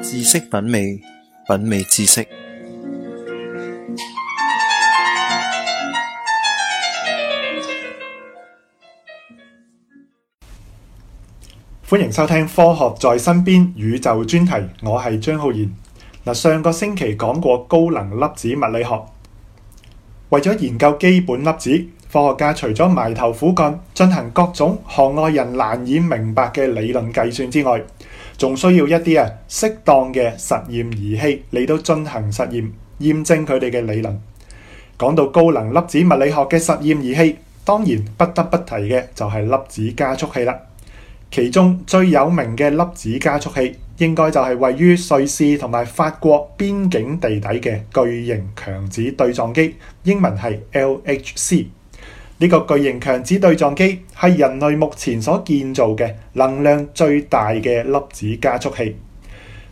知識品味，品味知識。歡迎收聽《科學在身邊》宇宙專題，我係張浩然嗱。上個星期講過高能粒子物理學，為咗研究基本粒子，科學家除咗埋頭苦幹，進行各種行外人難以明白嘅理論計算之外。仲需要一啲啊適當嘅實驗儀器，嚟到進行實驗，驗證佢哋嘅理論。講到高能粒子物理學嘅實驗儀器，當然不得不提嘅就係粒子加速器啦。其中最有名嘅粒子加速器應該就係位於瑞士同埋法國邊境地底嘅巨型強子對撞機，英文係 LHC。呢個巨型強子對撞機係人類目前所建造嘅能量最大嘅粒子加速器。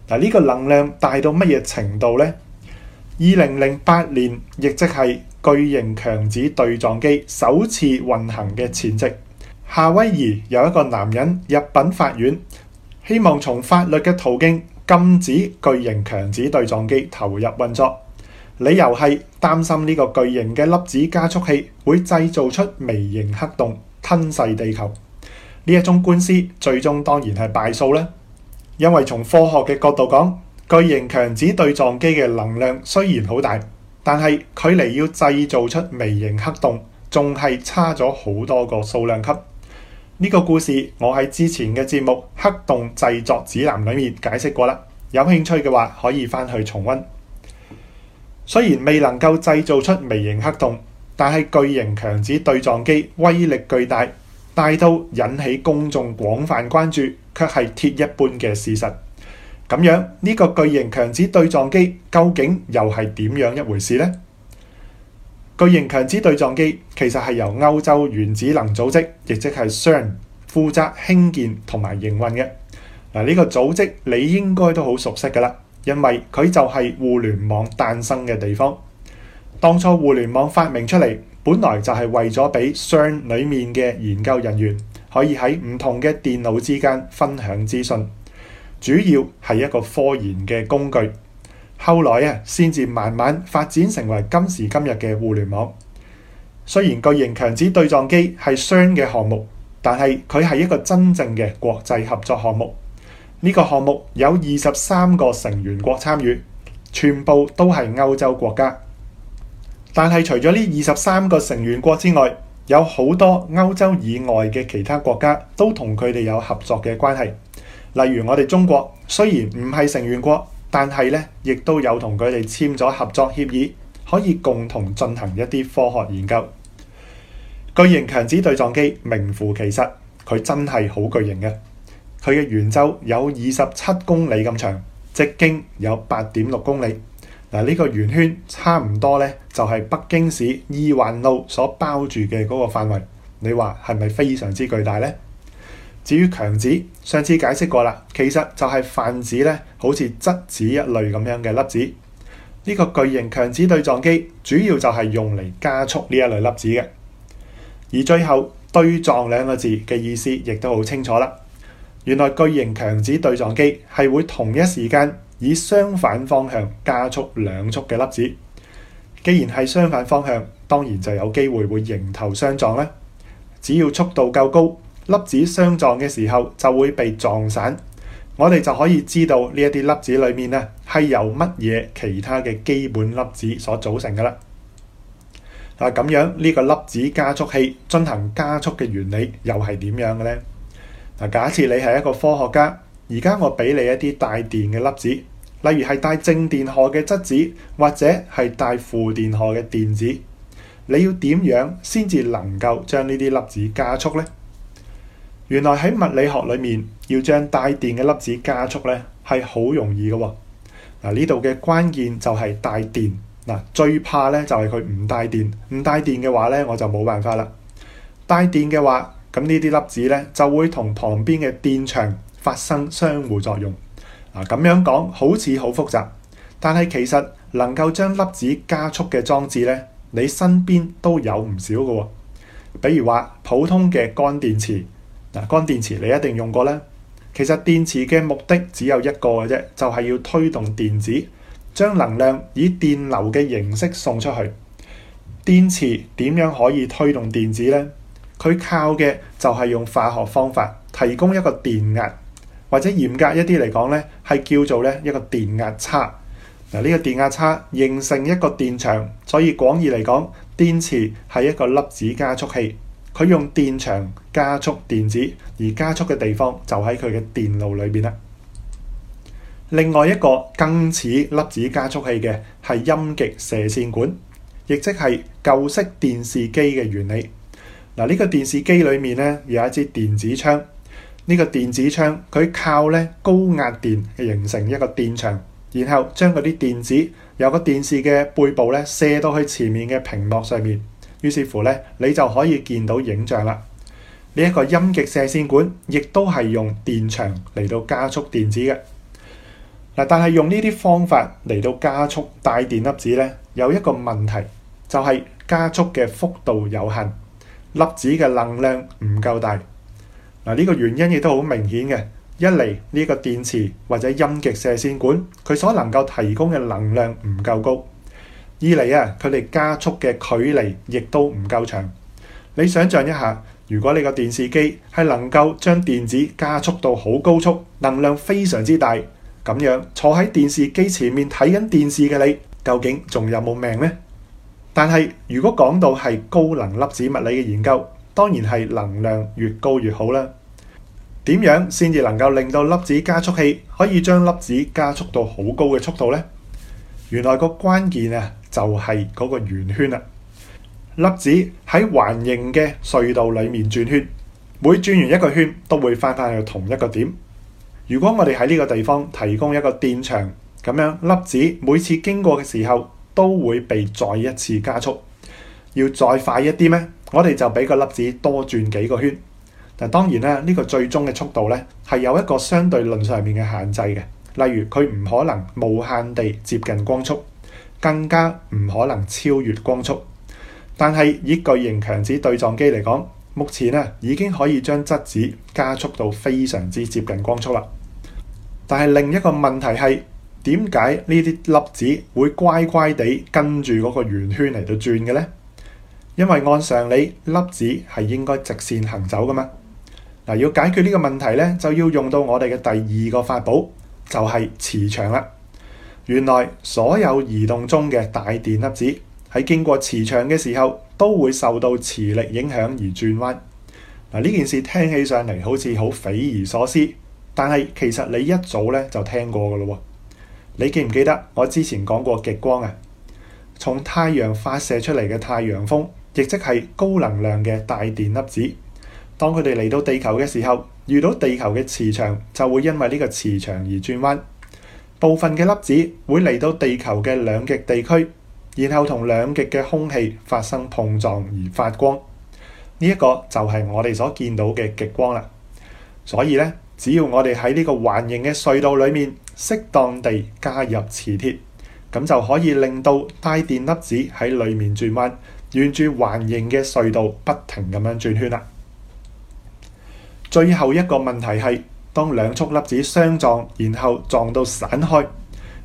嗱，呢個能量大到乜嘢程度呢？二零零八年，亦即係巨型強子對撞機首次運行嘅前夕，夏威夷有一個男人入禀法院，希望從法律嘅途徑禁止，禁止巨型強子對撞機投入運作。理由係擔心呢個巨型嘅粒子加速器會製造出微型黑洞，吞噬地球。呢一種官司最終當然係敗訴啦，因為從科學嘅角度講，巨型強子對撞機嘅能量雖然好大，但係距離要製造出微型黑洞仲係差咗好多個數量級。呢個故事我喺之前嘅節目《黑洞製作指南》裏面解釋過啦，有興趣嘅話可以翻去重溫。雖然未能夠製造出微型黑洞，但係巨型強子對撞機威力巨大，大到引起公眾廣泛關注，卻係鐵一般嘅事實。咁樣，呢個巨型強子對撞機究竟又係點樣一回事呢？巨型強子對撞機其實係由歐洲原子能組織，亦即係 CERN 負責興建同埋營運嘅。嗱，呢個組織你應該都好熟悉噶啦。因為佢就係互聯網誕生嘅地方。當初互聯網發明出嚟，本來就係為咗俾 CERN 裡面嘅研究人員可以喺唔同嘅電腦之間分享資訊，主要係一個科研嘅工具。後來啊，先至慢慢發展成為今時今日嘅互聯網。雖然巨型強子對撞機係 CERN 嘅項目，但係佢係一個真正嘅國際合作項目。呢個項目有二十三個成員國參與，全部都係歐洲國家。但係除咗呢二十三個成員國之外，有好多歐洲以外嘅其他國家都同佢哋有合作嘅關係。例如我哋中國，雖然唔係成員國，但係咧亦都有同佢哋簽咗合作協議，可以共同進行一啲科學研究。巨型強子對撞機名副其實，佢真係好巨型嘅。佢嘅圓周有二十七公里咁長，直徑有八點六公里嗱。呢個圓圈差唔多咧，就係北京市二環路所包住嘅嗰個範圍。你話係咪非常之巨大呢？至於強子，上次解釋過啦，其實就係泛指咧，好似質子一類咁樣嘅粒子。呢個巨型強子對撞機主要就係用嚟加速呢一類粒子嘅，而最後對撞兩個字嘅意思亦都好清楚啦。原來巨型強子對撞機係會同一時間以相反方向加速兩束嘅粒子。既然係相反方向，當然就有機會會迎頭相撞啦。只要速度夠高，粒子相撞嘅時候就會被撞散。我哋就可以知道呢一啲粒子裡面咧係由乜嘢其他嘅基本粒子所組成嘅啦。嗱，咁樣呢個粒子加速器進行加速嘅原理又係點樣嘅呢？嗱，假設你係一個科學家，而家我俾你一啲帶電嘅粒子，例如係帶正電荷嘅質子，或者係帶負電荷嘅電子，你要點樣先至能夠將呢啲粒子加速呢？原來喺物理學裏面，要將帶電嘅粒子加速呢，係好容易嘅喎。嗱，呢度嘅關鍵就係帶電。嗱，最怕呢，就係佢唔帶電，唔帶電嘅話呢，我就冇辦法啦。帶電嘅話，咁呢啲粒子咧就會同旁邊嘅電場發生相互作用。啊，咁樣講好似好複雜，但係其實能夠將粒子加速嘅裝置咧，你身邊都有唔少㗎喎。比如話普通嘅乾電池，嗱，乾電池你一定用過咧。其實電池嘅目的只有一個嘅啫，就係要推動電子，將能量以電流嘅形式送出去。電池點樣可以推動電子呢？佢靠嘅就係用化學方法提供一個電壓，或者嚴格一啲嚟講咧，係叫做咧一個電壓差。嗱，呢個電壓差形成一個電場，所以廣義嚟講，電池係一個粒子加速器。佢用電場加速電子，而加速嘅地方就喺佢嘅電路裏邊啦。另外一個更似粒子加速器嘅係陰極射線管，亦即係舊式電視機嘅原理。嗱，呢個電視機裏面咧有一支電子槍。呢個電子槍佢靠咧高壓電形成一個電場，然後將嗰啲電子由個電視嘅背部咧射到去前面嘅屏幕上面，於是乎咧你就可以見到影像啦。呢一個陰極射線管亦都係用電場嚟到加速電子嘅嗱，但係用呢啲方法嚟到加速帶電粒子咧有一個問題，就係加速嘅幅度有限。粒子嘅能量唔夠大，嗱呢個原因亦都好明顯嘅。一嚟呢個電池或者陰極射線管，佢所能夠提供嘅能量唔夠高；二嚟啊，佢哋加速嘅距離亦都唔夠長。你想象一下，如果你個電視機係能夠將電子加速到好高速，能量非常之大，咁樣坐喺電視機前面睇緊電視嘅你，究竟仲有冇命呢？但係，如果講到係高能粒子物理嘅研究，當然係能量越高越好啦。點樣先至能夠令到粒子加速器可以將粒子加速到好高嘅速度呢？原來關鍵個關鍵啊，就係嗰個圓圈啦。粒子喺環形嘅隧道裡面轉圈，每轉完一個圈都會翻返去同一個點。如果我哋喺呢個地方提供一個電場，咁樣粒子每次經過嘅時候，都會被再一次加速，要再快一啲咩？我哋就俾個粒子多轉幾個圈。嗱，當然啦，呢個最終嘅速度咧，係有一個相對論上面嘅限制嘅。例如，佢唔可能無限地接近光速，更加唔可能超越光速。但係以巨型強子對撞機嚟講，目前啊，已經可以將質子加速到非常之接近光速啦。但係另一個問題係，點解呢啲粒子會乖乖地跟住嗰個圓圈嚟到轉嘅呢？因為按常理，粒子係應該直線行走噶嘛。嗱，要解決呢個問題咧，就要用到我哋嘅第二個法寶，就係磁場啦。原來所有移動中嘅大電粒子喺經過磁場嘅時候，都會受到磁力影響而轉彎。嗱，呢件事聽起上嚟好似好匪夷所思，但係其實你一早咧就聽過噶咯喎。你記唔記得我之前講過極光啊？從太陽發射出嚟嘅太陽風，亦即係高能量嘅帶電粒子。當佢哋嚟到地球嘅時候，遇到地球嘅磁場，就會因為呢個磁場而轉彎。部分嘅粒子會嚟到地球嘅兩極地區，然後同兩極嘅空氣發生碰撞而發光。呢一個就係我哋所見到嘅極光啦。所以咧，只要我哋喺呢個環形嘅隧道裏面，適當地加入磁鐵，咁就可以令到帶電粒子喺裡面轉彎，沿住環形嘅隧道不停咁樣轉圈啦。最後一個問題係：當兩束粒子相撞，然後撞到散開，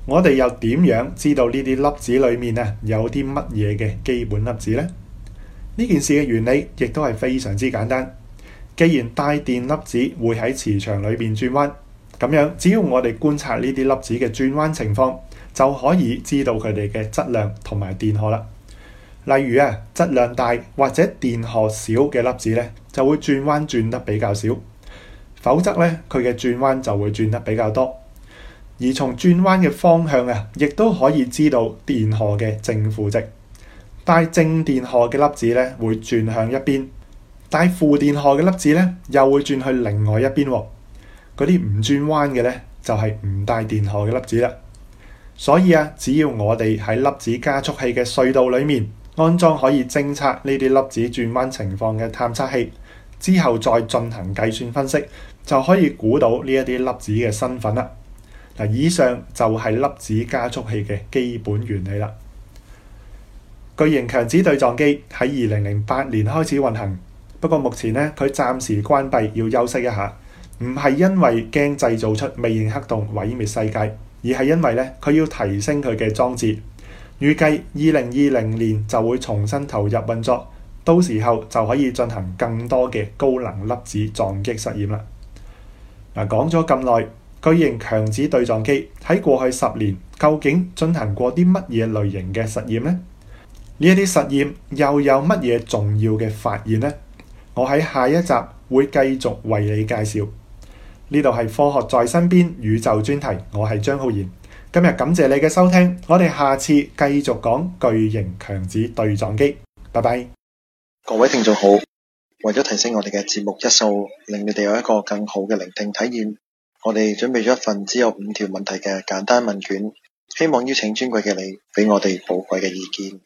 我哋又點樣知道呢啲粒子裏面啊有啲乜嘢嘅基本粒子呢？呢件事嘅原理亦都係非常之簡單。既然帶電粒子會喺磁場裏邊轉彎，咁樣只要我哋觀察呢啲粒子嘅轉彎情況，就可以知道佢哋嘅質量同埋電荷啦。例如啊，質量大或者電荷小嘅粒子咧，就會轉彎轉得比較少；否則咧，佢嘅轉彎就會轉得比較多。而從轉彎嘅方向啊，亦都可以知道電荷嘅正負值。帶正電荷嘅粒子咧，會轉向一邊。帶負電荷嘅粒子咧，又會轉去另外一邊喎。嗰啲唔轉彎嘅咧，就係唔帶電荷嘅粒子啦。所以啊，只要我哋喺粒子加速器嘅隧道裏面安裝可以偵測呢啲粒子轉彎情況嘅探測器，之後再進行計算分析，就可以估到呢一啲粒子嘅身份啦。嗱，以上就係粒子加速器嘅基本原理啦。巨型強子對撞機喺二零零八年開始運行。不過目前咧，佢暫時關閉，要休息一下，唔係因為驚製造出微型黑洞毀滅世界，而係因為咧佢要提升佢嘅裝置，預計二零二零年就會重新投入運作，到時候就可以進行更多嘅高能粒子撞擊實驗啦。嗱，講咗咁耐，巨型強子對撞機喺過去十年究竟進行過啲乜嘢類型嘅實驗呢？呢一啲實驗又有乜嘢重要嘅發現呢？我喺下一集會繼續為你介紹，呢度係科學在身邊宇宙專題，我係張浩然。今日感謝你嘅收聽，我哋下次繼續講巨型強子對撞機。拜拜！各位聽眾好，為咗提升我哋嘅節目質素，令你哋有一個更好嘅聆聽體驗，我哋準備咗一份只有五條問題嘅簡單問卷，希望邀請尊貴嘅你俾我哋寶貴嘅意見。